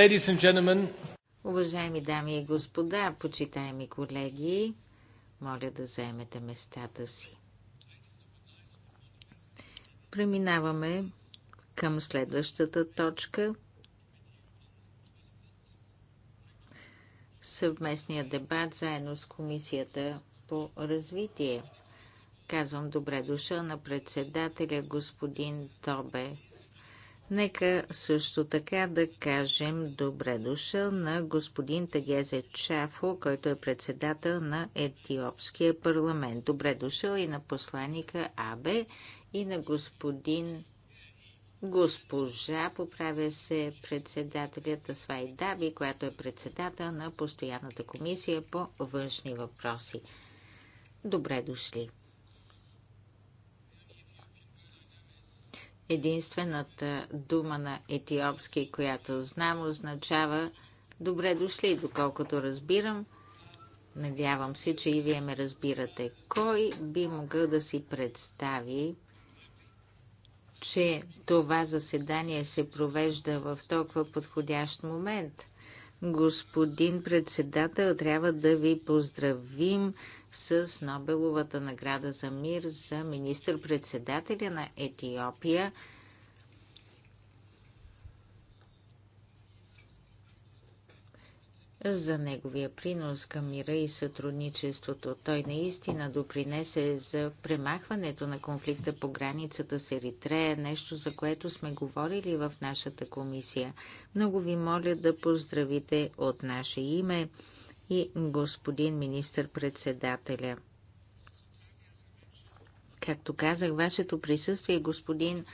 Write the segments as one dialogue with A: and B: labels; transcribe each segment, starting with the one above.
A: Ladies and gentlemen. Уважаеми дами и господа, почитаеми колеги, моля да заемете местата си. Преминаваме към следващата точка. Съвместния дебат заедно с Комисията по развитие. Казвам добре дошъл на председателя господин Тобе Нека също така да кажем добре дошъл на господин Тагезе Чафо, който е председател на Етиопския парламент. Добре дошъл и на посланика Абе и на господин госпожа, поправя се председателят Свай Даби, която е председател на Постоянната комисия по външни въпроси. Добре дошли! Единствената дума на етиопски, която знам, означава добре дошли, доколкото разбирам. Надявам се, че и вие ме разбирате. Кой би могъл да си представи, че това заседание се провежда в толкова подходящ момент? Господин председател, трябва да ви поздравим с Нобеловата награда за мир за министър-председателя на Етиопия. за неговия принос към мира и сътрудничеството. Той наистина допринесе за премахването на конфликта по границата с Еритрея, нещо за което сме говорили в нашата комисия. Много ви моля да поздравите от наше име и господин министър-председателя. Както казах, вашето присъствие, господин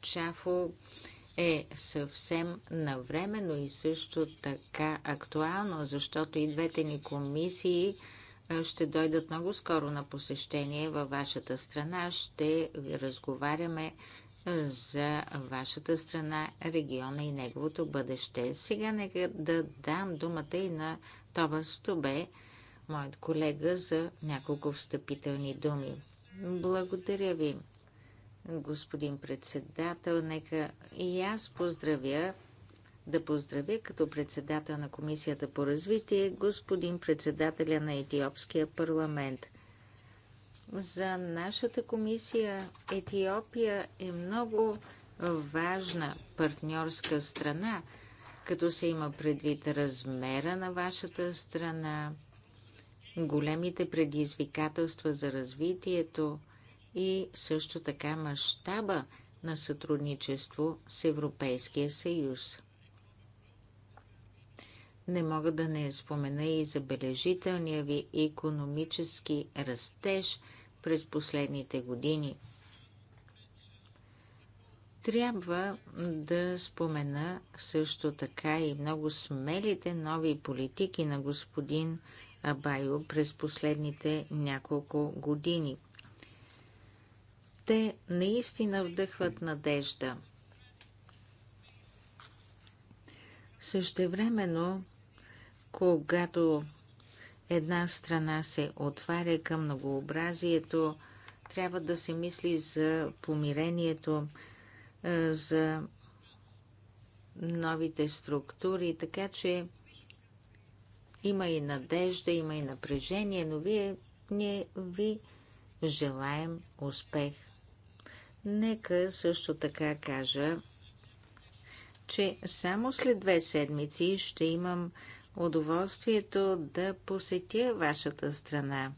A: Чафо, е съвсем навременно и също така актуално, защото и двете ни комисии ще дойдат много скоро на посещение във вашата страна. Ще разговаряме за вашата страна, региона и неговото бъдеще. Сега нека да дам думата и на Томас тобе, моят колега, за няколко встъпителни думи. Благодаря ви, господин председател. Нека и аз поздравя да поздравя като председател на Комисията по развитие господин председателя на Етиопския парламент. За нашата комисия Етиопия е много важна партньорска страна, като се има предвид размера на вашата страна, големите предизвикателства за развитието и също така мащаба на сътрудничество с Европейския съюз. Не мога да не спомена и забележителния ви економически растеж през последните години – трябва да спомена също така и много смелите нови политики на господин Абайо през последните няколко години. Те наистина вдъхват надежда. Същевременно, когато една страна се отваря към многообразието, трябва да се мисли за помирението, е, за новите структури, така че има и надежда, има и напрежение, но вие, ние ви желаем успех. Нека също така кажа, че само след две седмици ще имам удоволствието да посетя вашата страна.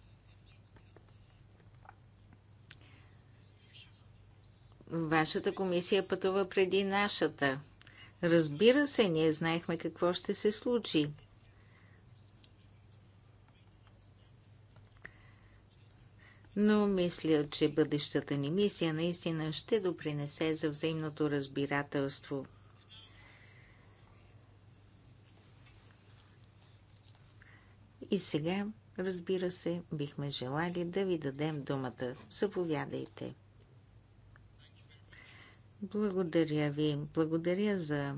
A: Вашата комисия пътува преди нашата. Разбира се, ние знаехме какво ще се случи. Но мисля, че бъдещата ни мисия наистина ще допринесе за взаимното разбирателство. И сега, разбира се, бихме желали да ви дадем думата. Заповядайте. Благодаря ви. Благодаря за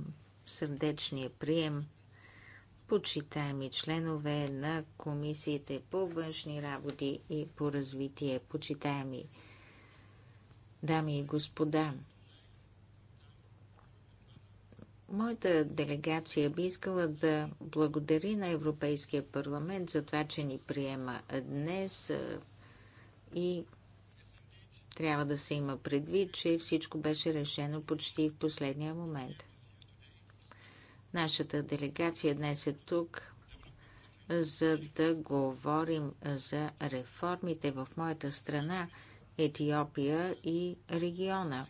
A: сърдечния прием. Почитаеми членове на комисиите по външни работи и по развитие. Почитаеми дами и господа. Моята делегация би искала да благодари на Европейския парламент за това, че ни приема днес и трябва да се има предвид, че всичко беше решено почти в последния момент. Нашата делегация днес е тук, за да говорим за реформите в моята страна, Етиопия и региона.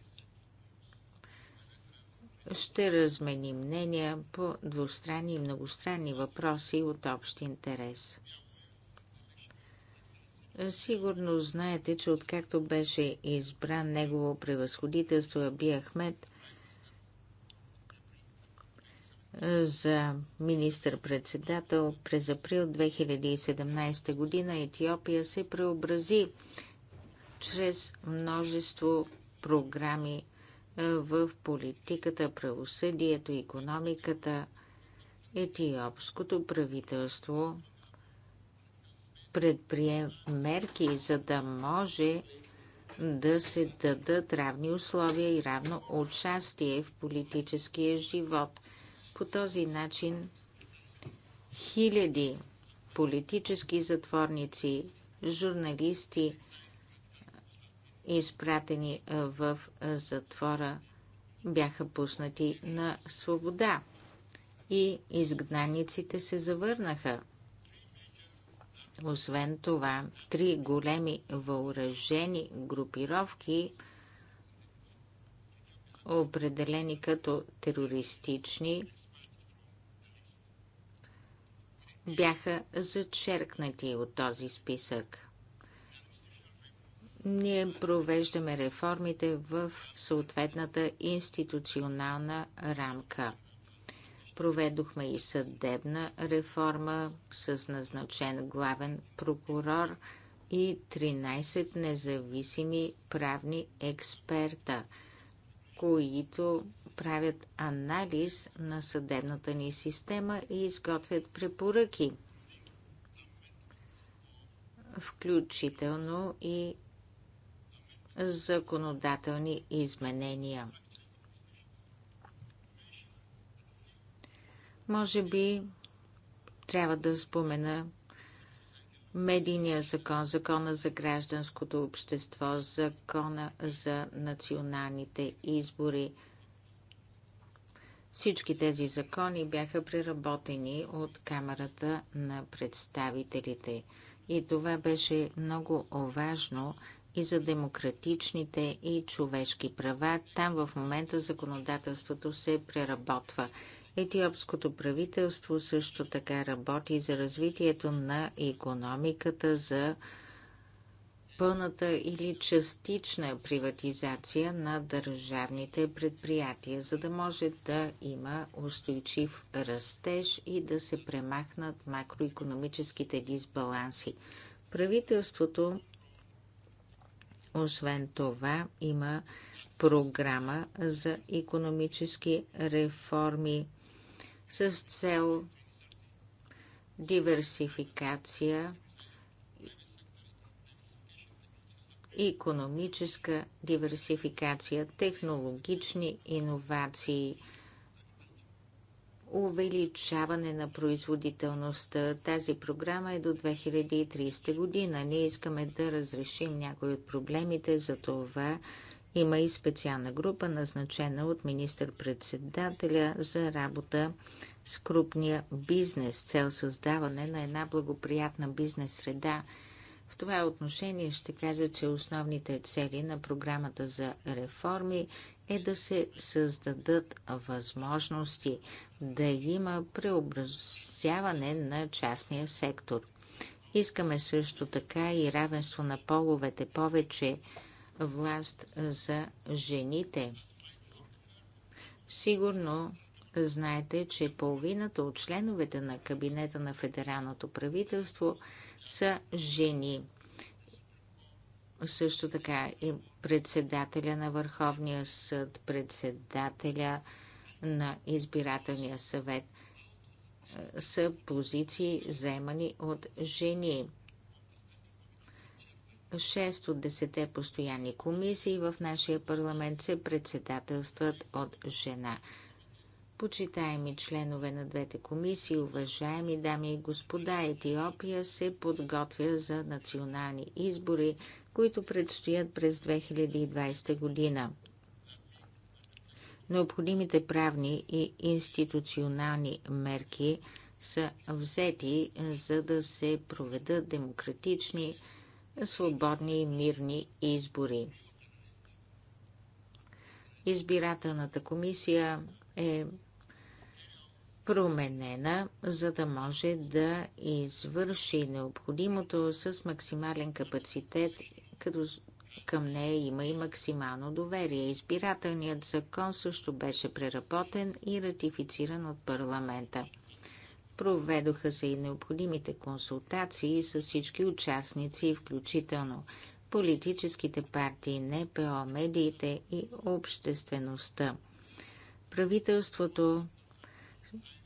A: Ще разменим мнения по двустранни и многостранни въпроси от общ интерес – Сигурно знаете, че откакто беше избран негово превъзходителство Аби Ахмед за министър-председател през април 2017 година Етиопия се преобрази чрез множество програми в политиката, правосъдието, економиката. Етиопското правителство предприе мерки, за да може да се дадат равни условия и равно участие в политическия живот. По този начин хиляди политически затворници, журналисти, изпратени в затвора, бяха пуснати на свобода и изгнаниците се завърнаха. Освен това, три големи въоръжени групировки, определени като терористични, бяха зачеркнати от този списък. Ние провеждаме реформите в съответната институционална рамка. Проведохме и съдебна реформа с назначен главен прокурор и 13 независими правни експерта, които правят анализ на съдебната ни система и изготвят препоръки, включително и законодателни изменения. Може би трябва да спомена медийния закон, закона за гражданското общество, закона за националните избори. Всички тези закони бяха преработени от Камерата на представителите. И това беше много важно и за демократичните и човешки права. Там в момента законодателството се преработва. Етиопското правителство също така работи за развитието на економиката, за пълната или частична приватизация на държавните предприятия, за да може да има устойчив растеж и да се премахнат макроекономическите дисбаланси. Правителството, освен това, има програма за економически реформи с цел диверсификация, економическа диверсификация, технологични иновации, увеличаване на производителността. Тази програма е до 2030 година. Ние искаме да разрешим някои от проблемите, за това има и специална група, назначена от министър-председателя за работа с крупния бизнес, цел създаване на една благоприятна бизнес среда. В това отношение ще кажа, че основните цели на програмата за реформи е да се създадат възможности да има преобразяване на частния сектор. Искаме също така и равенство на половете, повече власт за жените. Сигурно знаете, че половината от членовете на кабинета на федералното правителство са жени. Също така и председателя на Върховния съд, председателя на избирателния съвет е, са позиции заемани от жени. 6 от 10 постоянни комисии в нашия парламент се председателстват от жена. Почитаеми членове на двете комисии, уважаеми дами и господа, Етиопия се подготвя за национални избори, които предстоят през 2020 година. Необходимите правни и институционални мерки са взети, за да се проведат демократични свободни и мирни избори. Избирателната комисия е променена, за да може да извърши необходимото с максимален капацитет, като към нея има и максимално доверие. Избирателният закон също беше преработен и ратифициран от парламента. Проведоха се и необходимите консултации с всички участници, включително политическите партии, НПО, медиите и обществеността. Правителството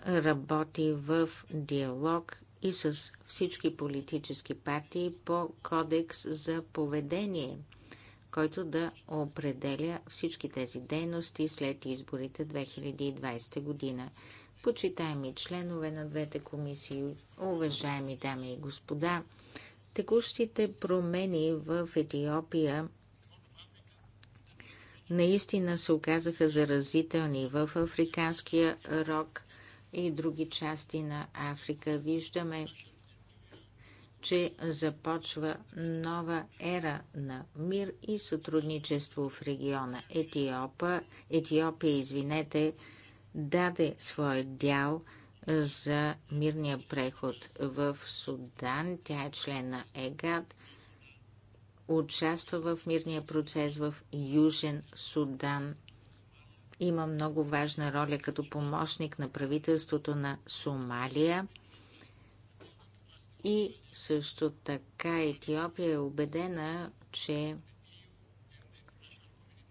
A: работи в диалог и с всички политически партии по кодекс за поведение, който да определя всички тези дейности след изборите 2020 година почитаеми членове на двете комисии, уважаеми дами и господа, текущите промени в Етиопия наистина се оказаха заразителни в африканския рок и други части на Африка. Виждаме, че започва нова ера на мир и сътрудничество в региона. Етиопа, Етиопия, извинете, даде своя дял за мирния преход в Судан. Тя е член на ЕГАД, участва в мирния процес в Южен Судан. Има много важна роля като помощник на правителството на Сомалия. И също така Етиопия е убедена, че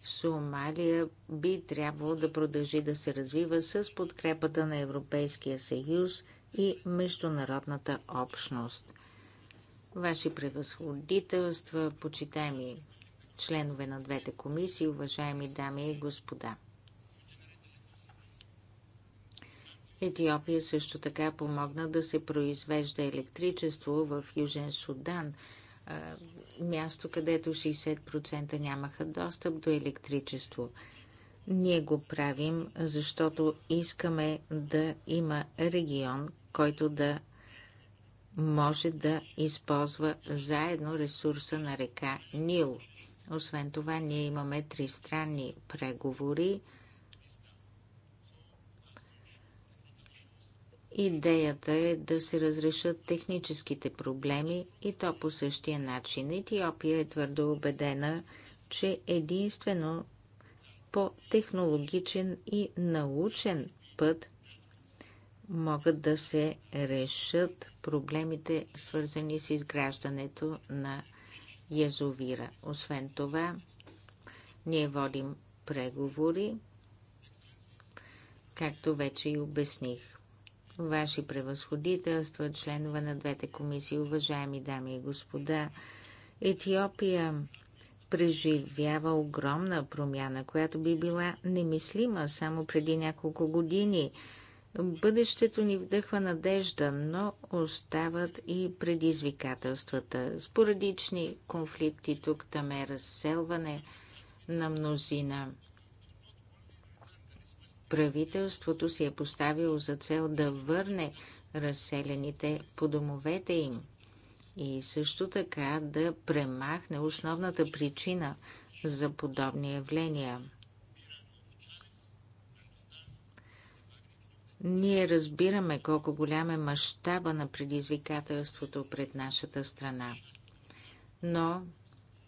A: Сомалия би трябвало да продължи да се развива с подкрепата на Европейския съюз и международната общност. Ваши превъзходителства, почитаеми членове на двете комисии, уважаеми дами и господа. Етиопия също така помогна да се произвежда електричество в Южен Судан – място, където 60% нямаха достъп до електричество. Ние го правим, защото искаме да има регион, който да може да използва заедно ресурса на река Нил. Освен това, ние имаме тристранни преговори Идеята е да се разрешат техническите проблеми и то по същия начин. Етиопия е твърдо убедена, че единствено по технологичен и научен път могат да се решат проблемите, свързани с изграждането на язовира. Освен това, ние водим преговори, както вече и обясних ваши превъзходителства, членове на двете комисии, уважаеми дами и господа. Етиопия преживява огромна промяна, която би била немислима само преди няколко години. Бъдещето ни вдъхва надежда, но остават и предизвикателствата. Споредични конфликти тук, там е разселване на мнозина – Правителството си е поставило за цел да върне разселените по домовете им и също така да премахне основната причина за подобни явления. Ние разбираме колко голям е мащаба на предизвикателството пред нашата страна, но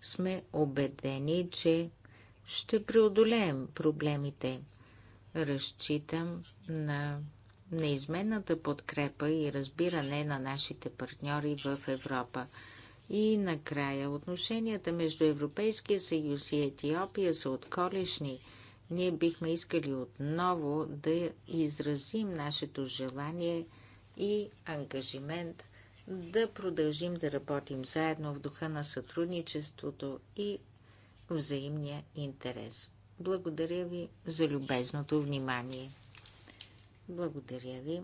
A: сме убедени, че ще преодолеем проблемите – разчитам на неизменната подкрепа и разбиране на нашите партньори в Европа. И накрая отношенията между Европейския съюз и Етиопия са отколешни. Ние бихме искали отново да изразим нашето желание и ангажимент да продължим да работим заедно в духа на сътрудничеството и взаимния интерес. Благодаря ви за любезното внимание. Благодаря ви.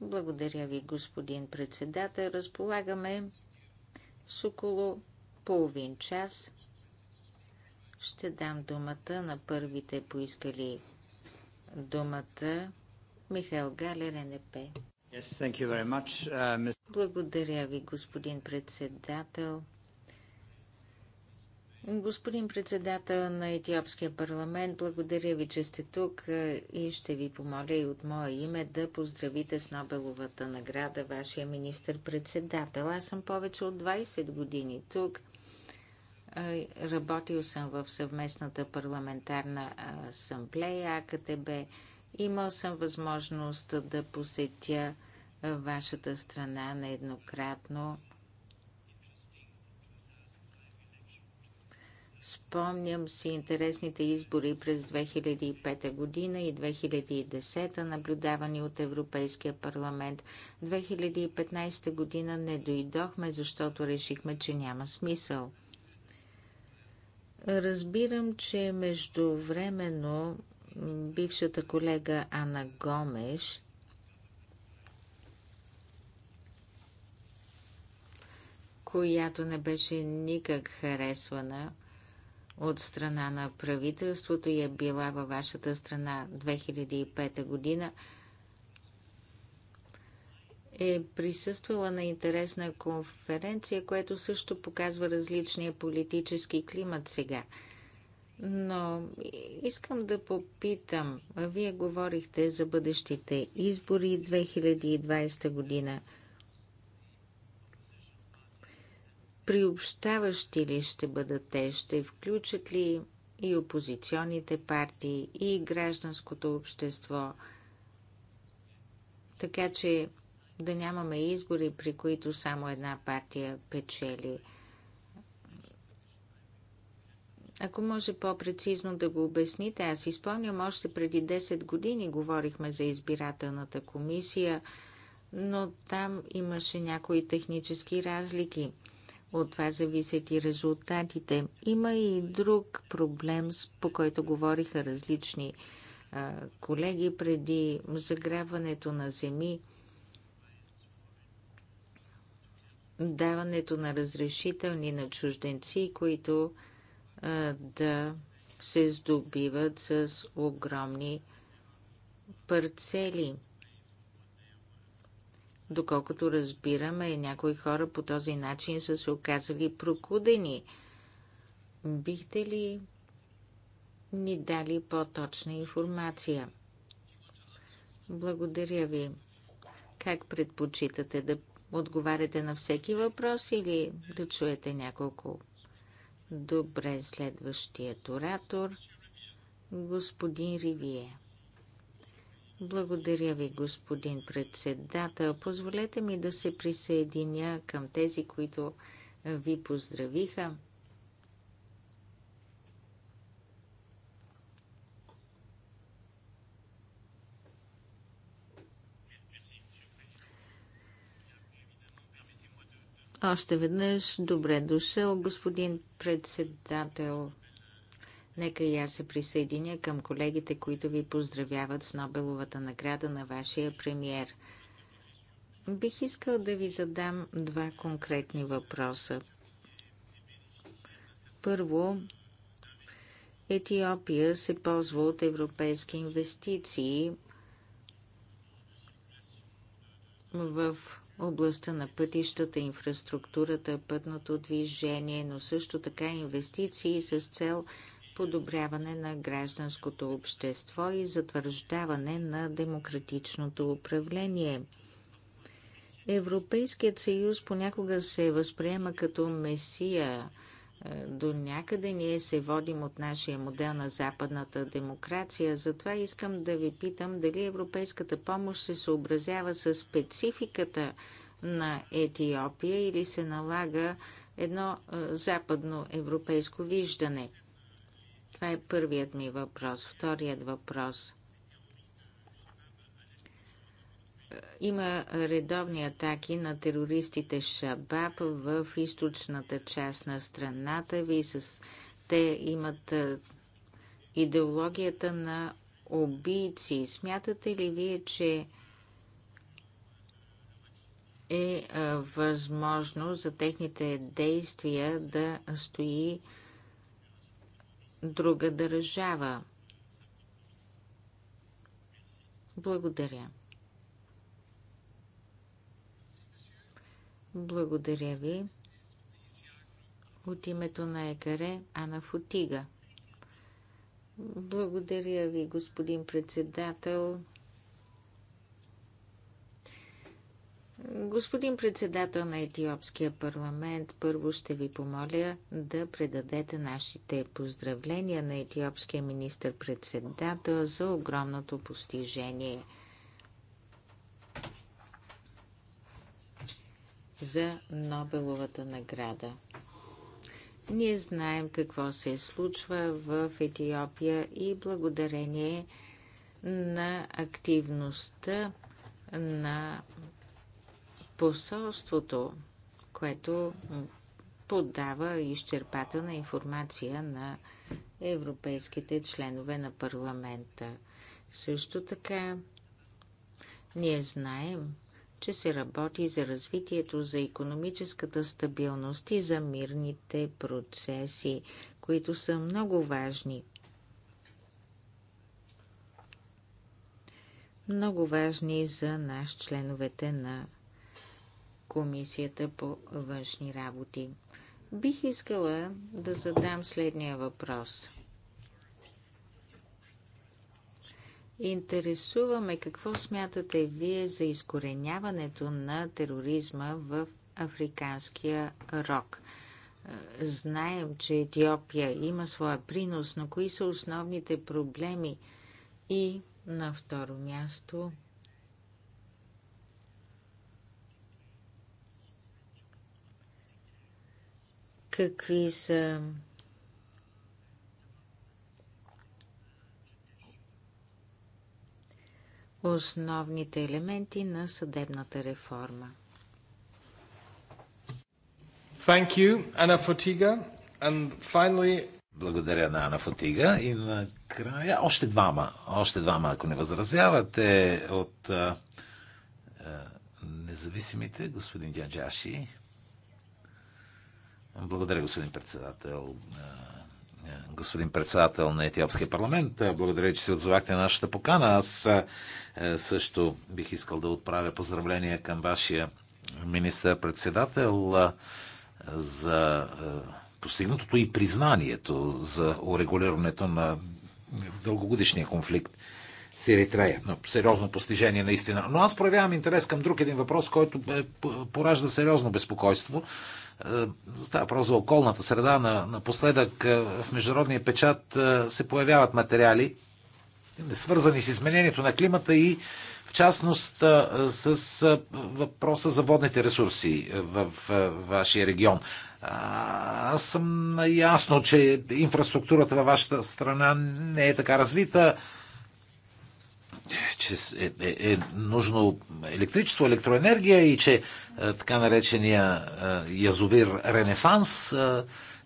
A: Благодаря ви, господин председател. Разполагаме с около половин час. Ще дам думата на първите поискали думата Михаил Галер, НП. Yes, uh, Благодаря ви, господин председател. Господин председател на Етиопския парламент, благодаря ви, че сте тук и ще ви помоля и от мое име да поздравите с Нобеловата награда вашия министр-председател. Аз съм повече от 20 години тук. Работил съм в съвместната парламентарна асамблея АКТБ. Имал съм възможност да посетя вашата страна нееднократно. Спомням си интересните избори през 2005 година и 2010, наблюдавани от Европейския парламент. 2015 година не дойдохме, защото решихме, че няма смисъл. Разбирам, че междувременно бившата колега Ана Гомеш която не беше никак харесвана от страна на правителството и е била във вашата страна 2005 година, е присъствала на интересна конференция, което също показва различния политически климат сега. Но искам да попитам, вие говорихте за бъдещите избори 2020 година – приобщаващи ли ще бъдат те, ще включат ли и опозиционните партии, и гражданското общество, така че да нямаме избори, при които само една партия печели. Ако може по-прецизно да го обясните, аз изпомням още преди 10 години говорихме за избирателната комисия, но там имаше някои технически разлики – от това зависят и резултатите. Има и друг проблем, по който говориха различни а, колеги преди загряването на земи, даването на разрешителни на чужденци, които а, да се здобиват с огромни парцели. Доколкото разбираме, някои хора по този начин са се оказали прокудени. Бихте ли ни дали по-точна информация? Благодаря ви. Как предпочитате да отговаряте на всеки въпрос или да чуете няколко? Добре, следващият оратор, господин Ривие. Благодаря ви, господин председател. Позволете ми да се присъединя към тези, които ви поздравиха. Още веднъж добре дошъл, господин председател. Нека и аз се присъединя към колегите, които ви поздравяват с Нобеловата награда на вашия премьер. Бих искал да ви задам два конкретни въпроса. Първо, Етиопия се ползва от европейски инвестиции в областта на пътищата, инфраструктурата, пътното движение, но също така инвестиции с цел подобряване на гражданското общество и затвърждаване на демократичното управление. Европейският съюз понякога се възприема като месия. Е, до някъде ние се водим от нашия модел на западната демокрация. Затова искам да ви питам дали европейската помощ се съобразява с спецификата на Етиопия или се налага едно е, западно европейско виждане – това е първият ми въпрос. Вторият въпрос. Има редовни атаки на терористите Шабаб в източната част на страната ви. С... Те имат идеологията на убийци. Смятате ли вие, че е възможно за техните действия да стои друга държава. Благодаря. Благодаря ви. От името на Екаре Ана Футига. Благодаря ви, господин председател. Господин председател на Етиопския парламент, първо ще ви помоля да предадете нашите поздравления на етиопския министр-председател за огромното постижение за Нобеловата награда. Ние знаем какво се случва в Етиопия и благодарение на активността на посолството, което подава изчерпателна информация на европейските членове на парламента. Също така, ние знаем, че се работи за развитието, за економическата стабилност и за мирните процеси, които са много важни. Много важни за нас членовете на Комисията по външни работи. Бих искала да задам следния въпрос. Интересуваме какво смятате вие за изкореняването на тероризма в африканския рок. Знаем, че Етиопия има своя принос, но кои са основните проблеми? И на второ място – какви са основните елементи на съдебната реформа. Thank you, Anna Fotiga.
B: And finally... Благодаря на Ана Фотига. И накрая още двама, още двама, ако не възразявате, от а, а, независимите, господин Дяджаши. Благодаря, господин председател. Е, е, господин председател на Етиопския парламент, е, благодаря, че се отзовахте на нашата покана. Аз също бих искал да отправя поздравления към вашия министър-председател за постигнатото и признанието за урегулирането на дългогодишния конфликт с Еритрея. Но сериозно постижение наистина. Но аз проявявам интерес към друг един въпрос, който поражда сериозно безпокойство е, става въпрос за околната среда. Напоследък е, в международния печат е, се появяват материали, свързани с изменението на климата и в частност с въпроса за водните ресурси в вашия регион. Аз съм наясно, че инфраструктурата във вашата страна не е така развита че е, е, е нужно електричество, електроенергия и че е, така наречения е, язовир Ренесанс е,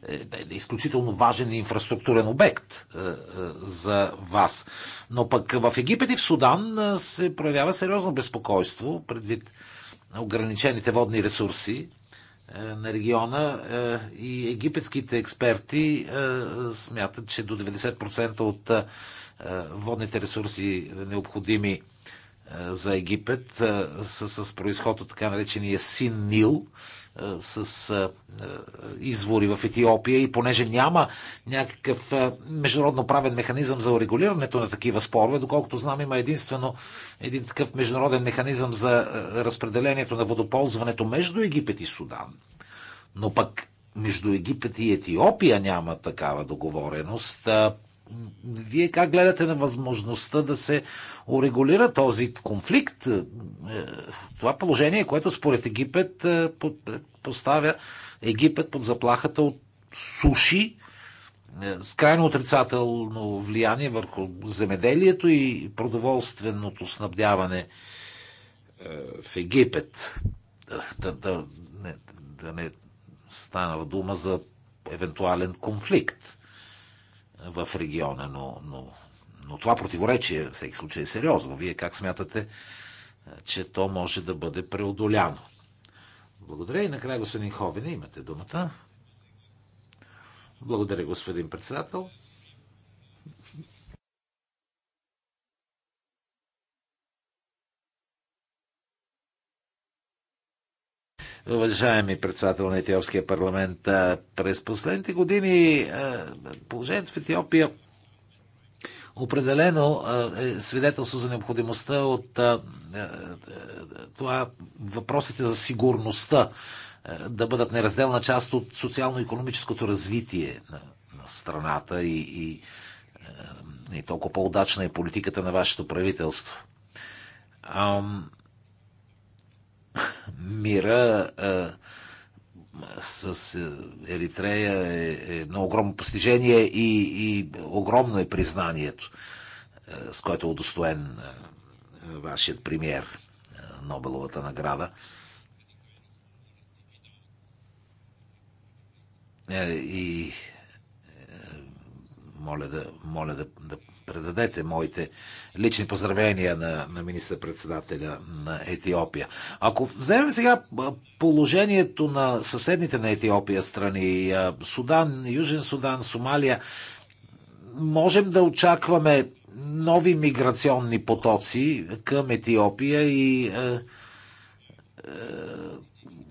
B: е, е, изключително важен инфраструктурен обект е, е, за вас. Но пък в Египет и в Судан е, се проявява сериозно безпокойство предвид ограничените водни ресурси е, на региона е, и египетските експерти е, е смятат, че до 90% от е, е, водните ресурси е, необходими е, за Египет с, с происход от така наречения Син Нил, с извори в Етиопия и понеже няма някакъв международно правен механизъм за урегулирането на такива спорове, доколкото знам има единствено един такъв международен механизъм за разпределението на водоползването между Египет и Судан. Но пък между Египет и Етиопия няма такава договореност. Вие как гледате на възможността да се урегулира този конфликт? Е, това положение, което според Египет е, е, поставя Египет под заплахата от суши, с крайно отрицателно влияние върху земеделието и продоволственото снабдяване в Египет. Да, да, не, да не стана дума за евентуален конфликт в региона, но, но, но това противоречие в всеки случай е сериозно. Вие как смятате, е, че то може да бъде преодоляно? Благодаря и накрая господин Ховене, имате думата. Благодаря, господин председател. Уважаеми председател на Етиопския парламент, през последните години положението в Етиопия определено е свидетелство за необходимостта от това въпросите за сигурността да бъдат неразделна част от социално-економическото развитие на, страната и, и, и толкова по-удачна е политиката на вашето правителство мира с е, Еритрея е, е едно огромно постижение и, и огромно е признанието, е, с което е удостоен вашият премьер Нобеловата награда. И моля да, моля да, да предадете моите лични поздравления на, на министър-председателя на Етиопия. Ако вземем сега положението на съседните на Етиопия страни, Судан, Южен Судан, Сомалия, можем да очакваме нови миграционни потоци към Етиопия и е, е,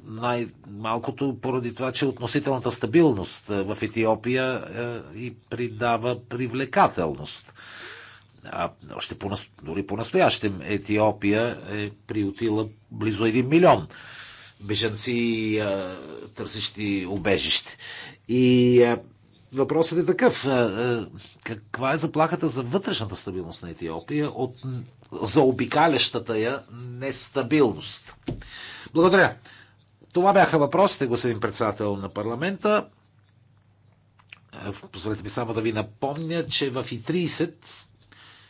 B: най-малкото поради това, че относителната стабилност е, в Етиопия е, и придава привлекателност. А още по, дори по-настоящем Етиопия е приотила близо 1 милион бежанци, е, търсещи убежище. И въпросът е такъв. Каква е заплахата за вътрешната стабилност на Етиопия от заобикалящата я нестабилност? Благодаря. Това бяха въпросите, господин председател на парламента. Е, позволете ми само да ви напомня, че в И30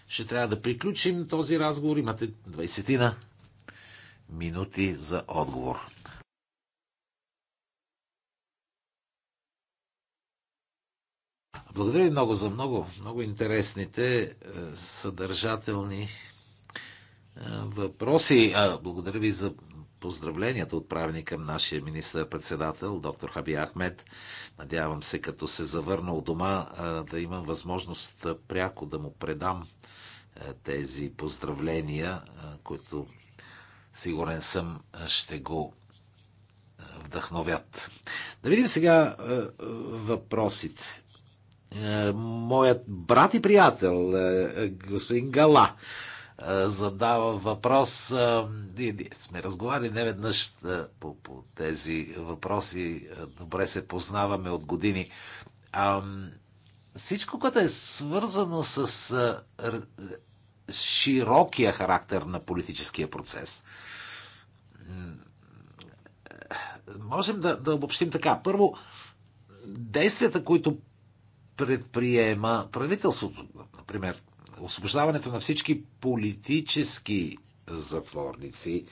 B: ще трябва да приключим този разговор. Имате 20 минути за отговор. Благодаря ви много за много, много интересните, е, съдържателни е, въпроси. Благодаря ви за поздравленията, отправени към нашия министър-председател, доктор Хаби Ахмед. Надявам се, като се завърна от дома, да имам възможност пряко да му предам тези поздравления, които сигурен съм ще го вдъхновят. Да видим сега въпросите. Моят брат и приятел, господин Гала, задава въпрос. Ние, ние сме разговаряли не веднъж по, по тези въпроси. Добре се познаваме от години. А, всичко, което е свързано с а, широкия характер на политическия процес, можем да, да обобщим така. Първо, действията, които предприема правителството, например, освобождаването на всички политически затворници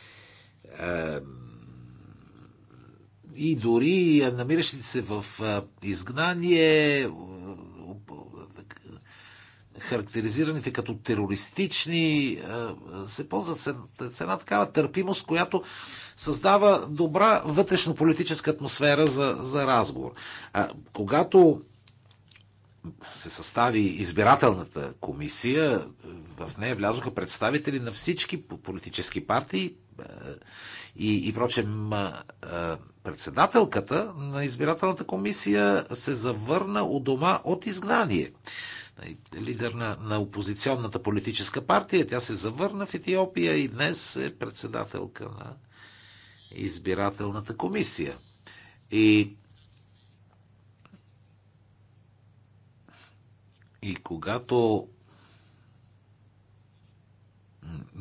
B: и дори намиращите се в изгнание, характеризираните като терористични, се ползват с една такава търпимост, която създава добра вътрешно-политическа атмосфера за, за разговор. А, когато се състави избирателната комисия, в нея влязоха представители на всички политически партии е, и, и прочем, е, председателката на избирателната комисия се завърна у дома от изгнание. Нали, лидер на, на опозиционната политическа партия, тя се завърна в Етиопия и днес е председателка на избирателната комисия. И И когато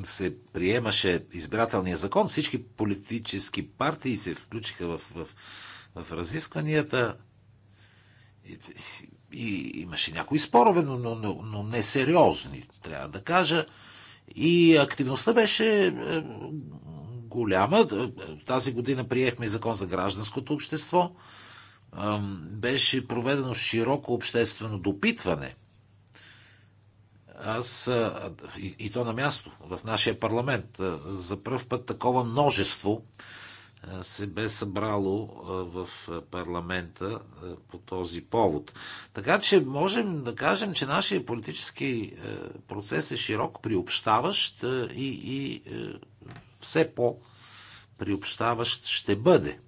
B: се приемаше избирателния закон, всички политически партии се включиха в, в, в разискванията. И, и имаше някои спорове, но, но, но, но не сериозни, трябва да кажа. И активността беше е, голяма. Тази година приехме закон за гражданското общество. Беше проведено широко обществено допитване – аз и, и то на място, в нашия парламент, за първ път такова множество се бе събрало в парламента по този повод. Така че можем да кажем, че нашия политически процес е широк, приобщаващ и, и все по-приобщаващ ще бъде.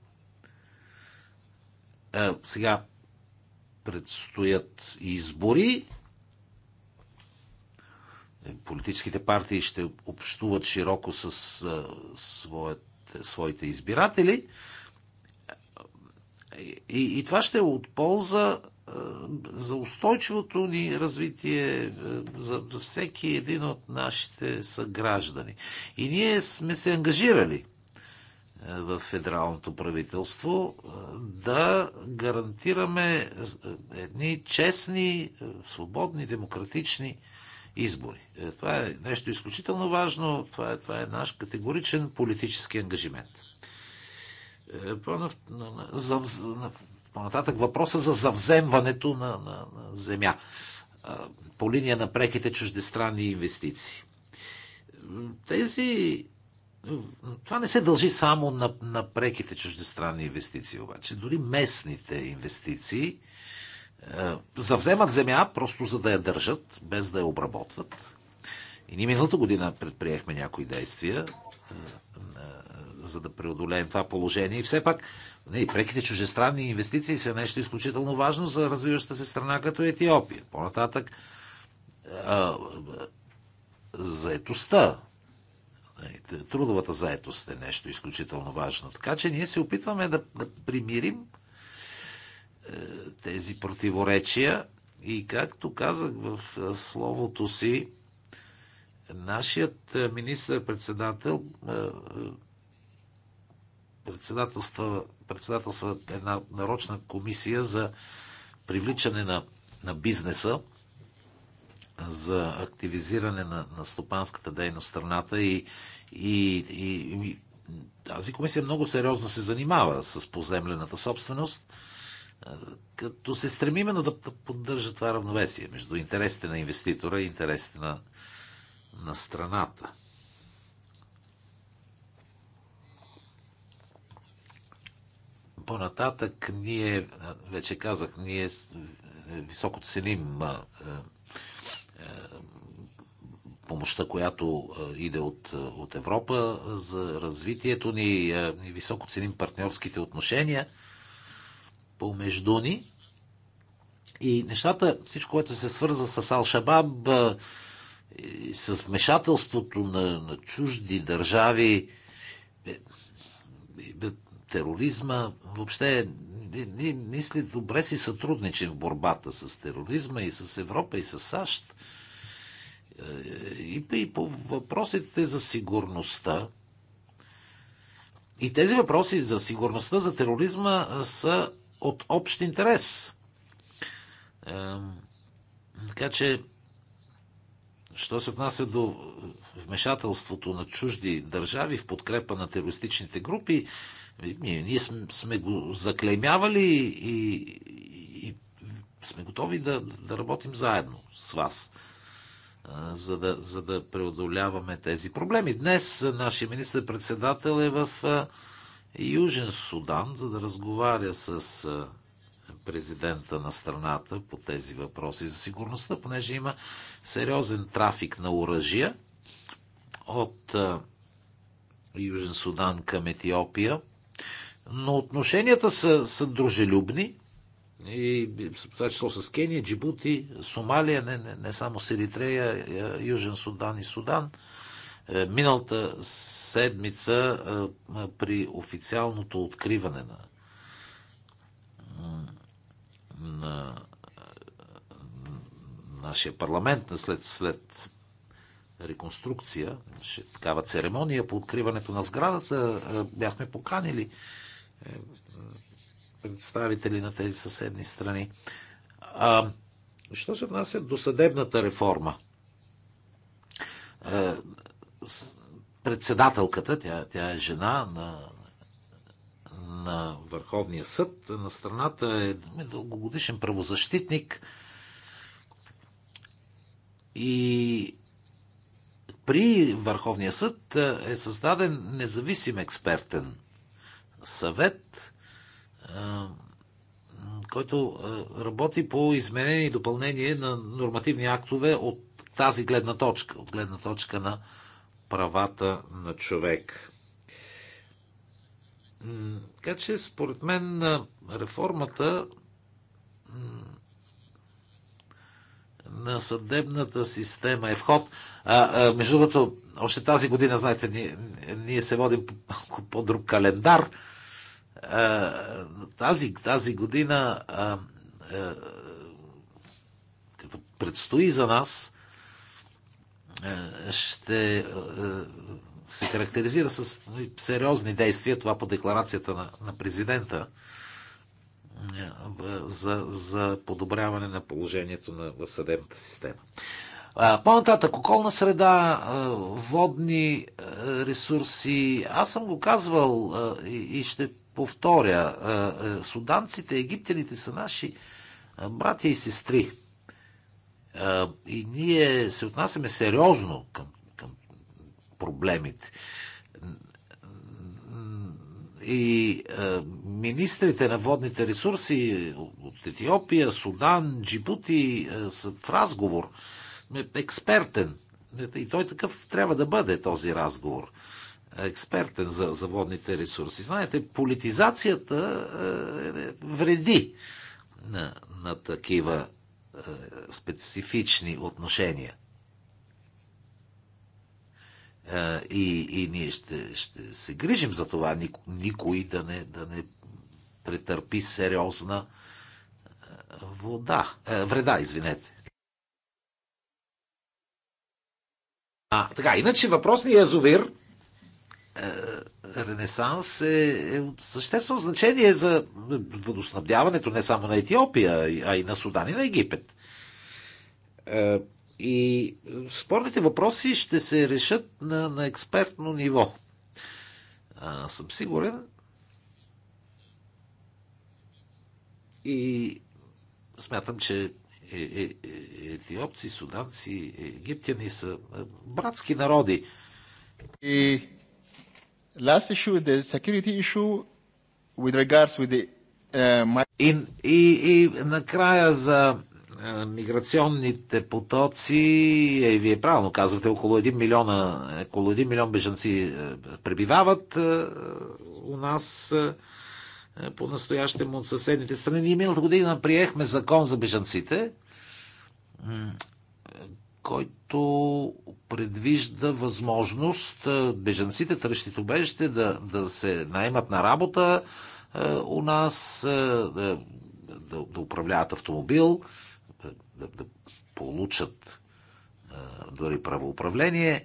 B: Сега предстоят избори политическите партии ще общуват широко с своите, своите избиратели. И, и това ще е от полза за устойчивото ни развитие, за всеки един от нашите съграждани. И ние сме се ангажирали в федералното правителство да гарантираме едни честни, свободни, демократични избори. Е, това е нещо изключително важно, това е, това е наш категоричен политически ангажимент. Е, по-нататък въпроса за завземването на, на, на земя е, по линия на преките чуждестранни инвестиции. Тези това не се дължи само на, на преките чуждестранни инвестиции, обаче. Дори местните инвестиции е, завземат земя просто за да я държат, без да я обработват. И ние миналата година предприехме някои действия, е, е, за да преодолеем това положение. И все пак не, преките чужестранни инвестиции са нещо изключително важно за развиваща се страна като Етиопия. По-нататък заетостта, трудовата заетост е нещо изключително важно. Така че ние се опитваме да, да примирим тези противоречия. И както казах в словото си, нашият министър-председател председателства, председателства една нарочна комисия за привличане на, на бизнеса за активизиране на, на стопанската дейност в страната и, и, и, и тази комисия много сериозно се занимава с поземлената собственост като се стремиме да, да поддържа това равновесие между интересите на инвеститора и интересите на, на страната. По-нататък ние, вече казах, ние е, високо ценим е, е, помощта, която иде от, от Европа за развитието ни. Високо ценим партньорските отношения – помежду ни. И нещата, всичко, което се свърза с Ал-Шабаб, с вмешателството на, на чужди държави, е, е, тероризма, въобще ние, мисли, добре си сътрудничим в борбата с тероризма и с Европа и с САЩ. Е, и, и по въпросите за сигурността. И тези въпроси за сигурността, за тероризма са от общ интерес. Така че, що се отнася до вмешателството на чужди държави в подкрепа на терористичните групи, ние сме го заклеймявали и, и сме готови да, да работим заедно с вас, е, за да, за да преодоляваме тези проблеми. Днес нашия министър-председател е в е, Южен Судан, за да разговаря с президента на страната по тези въпроси за сигурността, понеже има сериозен трафик на оръжия от Южен Судан към Етиопия. Но отношенията са, са дружелюбни. И това число с Кения, Джибути, Сомалия, не, не, не само с Еритрея, Южен Судан и Судан – е, миналата седмица е, при официалното откриване на, на нашия парламент след, след реконструкция, такава церемония по откриването на сградата, е, бяхме поканили представители на тези съседни страни. А, що се отнася до съдебната реформа? председателката, тя, тя е жена на, на Върховния съд на страната, е, е дългогодишен правозащитник и при Върховния съд е, е създаден независим експертен съвет, е, който работи по изменение и допълнение на нормативни актове от тази гледна точка, от гледна точка на правата на човек. Така че, според мен, реформата на съдебната система е вход. А, а, между другото, още тази година, знаете, ние, ние се водим по малко по-друг календар. А, тази, тази година, а, а, като предстои за нас, е, ще е, се характеризира с нали, сериозни действия, това по декларацията на, на президента, е, за, за подобряване на положението на, в съдебната система. По-нататък, околна среда, водни ресурси, аз съм го казвал и ще повторя, суданците, египтяните са наши братя и сестри. И ние се отнасяме сериозно към, към проблемите. И министрите на водните ресурси от Етиопия, Судан, Джибути са в разговор. Експертен. И той такъв трябва да бъде този разговор експертен за, за водните ресурси. Знаете, политизацията е, вреди на, на такива е, специфични отношения. Е, и, и ние ще, ще се грижим за това, никой да не, да не претърпи сериозна е, вода, е, вреда, извинете. А, така, иначе въпросният язовир Ренесанс е, е от съществено значение за водоснабдяването не само на Етиопия, а и на Судан и на Египет. Е, и спорните въпроси ще се решат на, на експертно ниво. А, съм сигурен. И смятам, че е, е, е етиопци, суданци, египтяни са е, братски народи. И last issue, the security issue with regards with the uh, и, и, и накрая за миграционните потоци, е, вие правилно казвате, около 1 милиона, около 1 милион бежанци е, пребивават е, у нас е, по-настоящем от съседните страни. Ние миналата година приехме закон за бежанците, който предвижда възможност е, беженците, търщите убежище, да, да се наймат на работа е, у нас, е, да, да управляват автомобил, е, да, да получат е, дори правоуправление.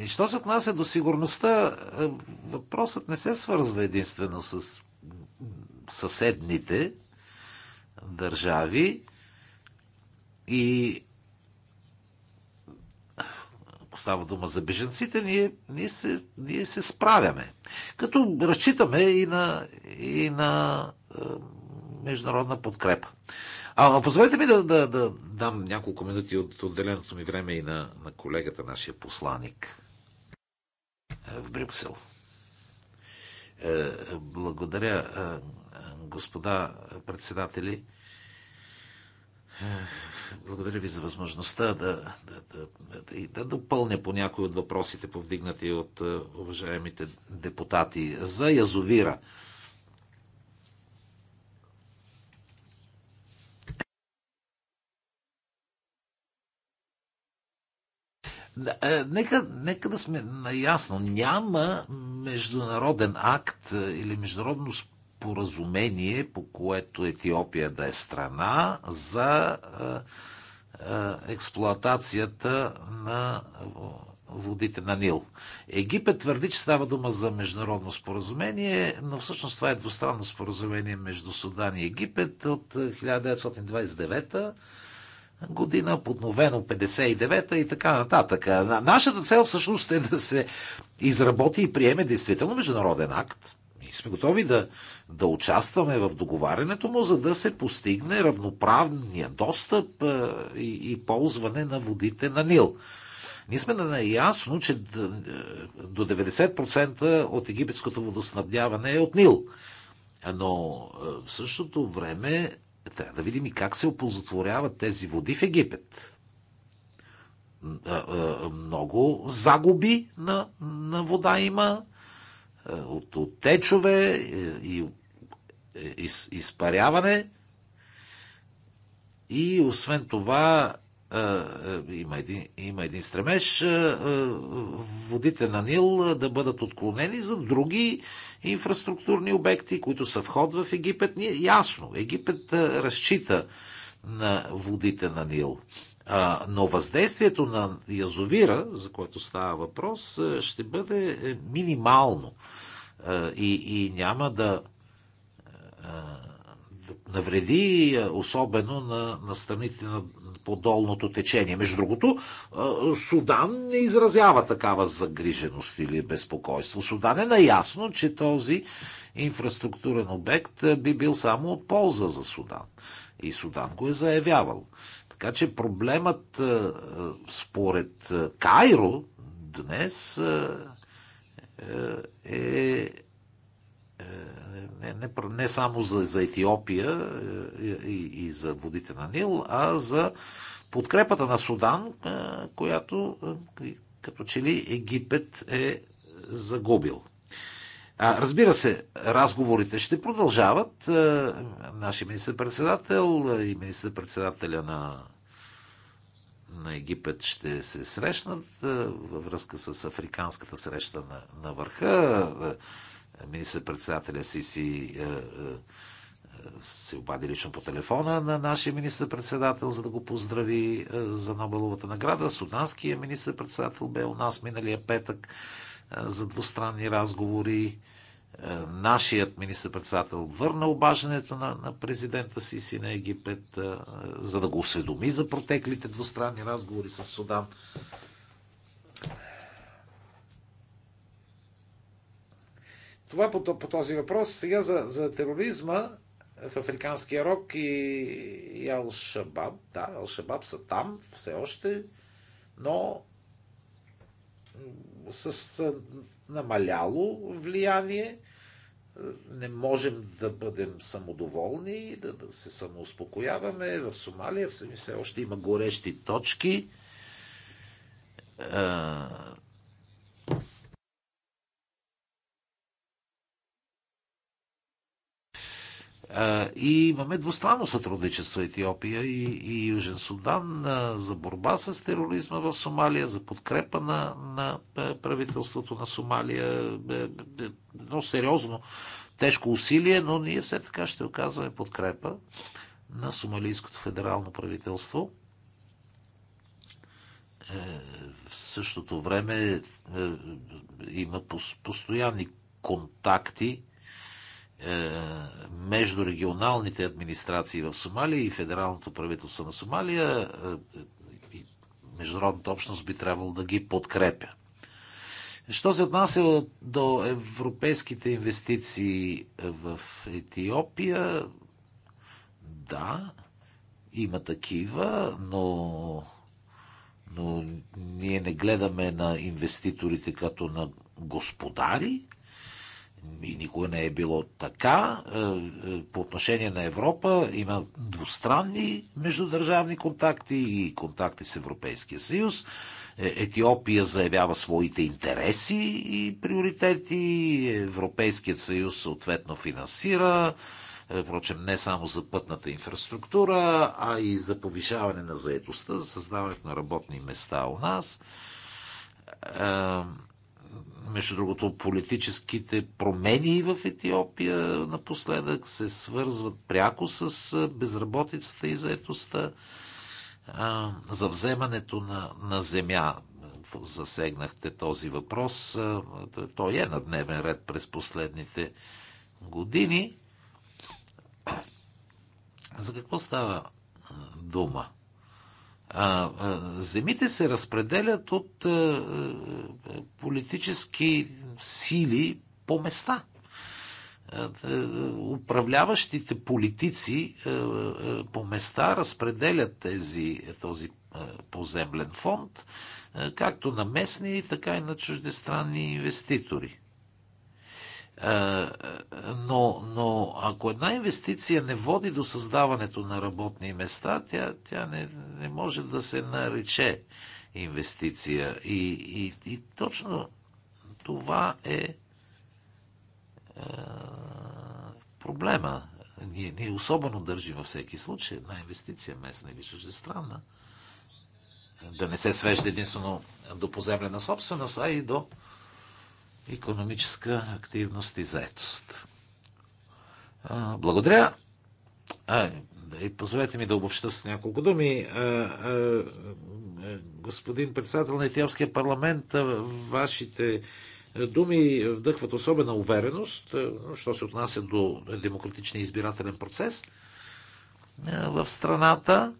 B: И що се отнася до сигурността, е, въпросът не се свързва единствено с съседните държави, и ако става дума за беженците, ние, ние, се, ние се справяме. Като разчитаме и на, и на е, международна подкрепа. А, позволете ми да, да, да дам няколко минути от отделеното ми време и на, на колегата, нашия посланник, е, в Брюксел. Е, благодаря, е, господа председатели. Благодаря ви за възможността да, да, да, да, да допълня по някои от въпросите, повдигнати от е, уважаемите депутати за язовира. Е, нека, нека да сме наясно. Няма международен акт е, или международно споразумение споразумение, по което Етиопия да е страна за експлоатацията на водите на Нил. Египет твърди, че става дума за международно споразумение, но всъщност това е двустранно споразумение между Судан и Египет от 1929 година, подновено 59-та и така нататък. Нашата цел всъщност е да се изработи и приеме действително международен акт, ние сме готови да, да участваме в договарянето му, за да се постигне равноправния достъп и, и ползване на водите на Нил. Ние сме наясно, че до 90% от египетското водоснабдяване е от Нил. Но в същото време трябва да видим и как се опозотворяват тези води в Египет. Много загуби на, на вода има е, от, от течове е, и е, из, изпаряване. И освен това има един, има един стремеж водите на Нил да бъдат отклонени за други инфраструктурни обекти, които са вход в Египет. Ясно, Египет разчита на водите на Нил но въздействието на язовира, за което става въпрос, е, ще бъде е, минимално и, и няма да навреди особено на, на страните на подолното течение. Между другото, Судан не изразява такава загриженост или безпокойство. Судан е наясно, че този инфраструктурен обект би бил само от полза за Судан. И Судан го е заявявал. Така че проблемът е, е, според е, Кайро днес е не, не, не само за, за Етиопия и, и за водите на Нил, а за подкрепата на Судан, която като че ли Египет е загубил. Разбира се, разговорите ще продължават. Нашия министър-председател и министър-председателя на, на Египет ще се срещнат във връзка с африканската среща на, на върха. Министър-председателя Сиси е, се обади лично по телефона на нашия министър-председател, за да го поздрави за Нобеловата награда. Суданския министър-председател бе у нас миналия петък за двустранни разговори. Нашият министр-председател върна обаждането на, на президента си на Египет, за да го осведоми за протеклите двустранни разговори с Судан. Това по, по този въпрос. Сега за, за тероризма в Африканския рок и, и Ал-Шабаб. Да, Ал-Шабаб са там все още, но с намаляло влияние. Не можем да бъдем самодоволни, да, да се самоуспокояваме. В Сомалия все, все още има горещи точки И имаме двустранно сътрудничество Етиопия и, и Южен Судан за борба с тероризма в Сомалия, за подкрепа на, на правителството на Сомалия. Е, е, е, едно сериозно, тежко усилие, но ние все така ще оказваме подкрепа на Сомалийското федерално правителство. В същото време има постоянни контакти е, между регионалните администрации в Сомалия и федералното правителство на Сомалия е, и международната общност би трябвало да ги подкрепя. Що се отнася до европейските инвестиции в Етиопия, да, има такива, но, но ние не гледаме на инвеститорите като на господари, и никога не е било така. Е, е, по отношение на Европа има двустранни междудържавни контакти и контакти с Европейския съюз. Е, Етиопия заявява своите интереси и приоритети, Европейският съюз съответно финансира, впрочем не само за пътната инфраструктура, а и за повишаване на заетостта, за създаването на работни места у нас между другото, политическите промени в Етиопия напоследък се свързват пряко с безработицата и заетостта за вземането на, на земя. Засегнахте този въпрос. Той е на дневен ред през последните години. За какво става дума? А, земите се разпределят от а, политически сили по места. Управляващите политици по места разпределят тези, този поземлен фонд както на местни, така и на чуждестранни инвеститори. Е, но, но ако една инвестиция не води до създаването на работни места, тя, тя не, не може да се нарече инвестиция. И, и, и точно това е, е проблема. Ние, ние особено държим във всеки случай една инвестиция, местна или чуждестранна, да не се свежда единствено до поземлена собственост, а и до економическа активност и заетост. Благодаря. А, и позволете ми да обобща с няколко думи. А, а, господин председател на Етиопския парламент, вашите думи вдъхват особена увереност, що се отнася до демократичния избирателен процес в страната.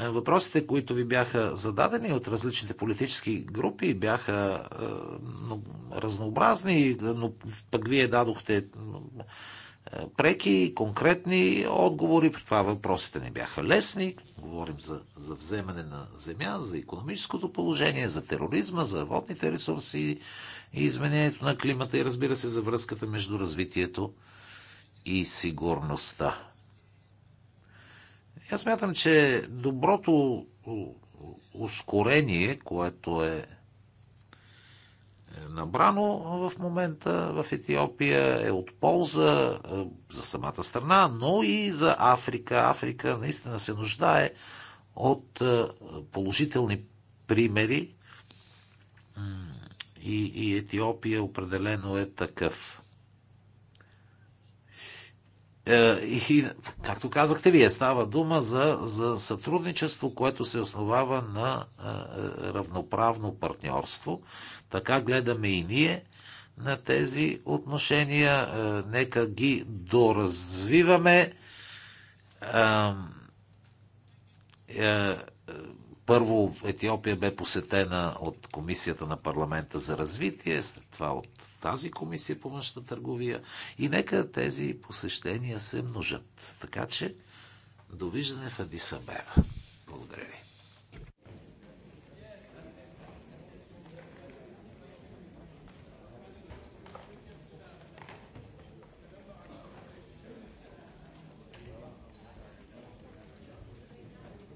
B: Е, въпросите, които ви бяха зададени от различните политически групи, бяха е, разнообразни, но пък вие дадохте е, преки, конкретни отговори. При това въпросите не бяха лесни. Говорим за, за вземане на земя, за економическото положение, за тероризма, за водните ресурси и изменението на климата и разбира се за връзката между развитието и сигурността. Аз смятам, че доброто ускорение, което е, е набрано в момента в Етиопия е от полза е, за самата страна, но и за Африка. Африка наистина се нуждае от е, положителни примери и, Етиопия определено е такъв. Е, и, както казахте вие, става дума за, за сътрудничество, което се основава на е, равноправно партньорство. Така гледаме и ние на тези отношения. Е, нека ги доразвиваме първо Етиопия бе посетена от Комисията на парламента за развитие, след това от тази комисия по външна търговия. И нека тези посещения се множат. Така че, довиждане в Адисабева. Благодаря ви.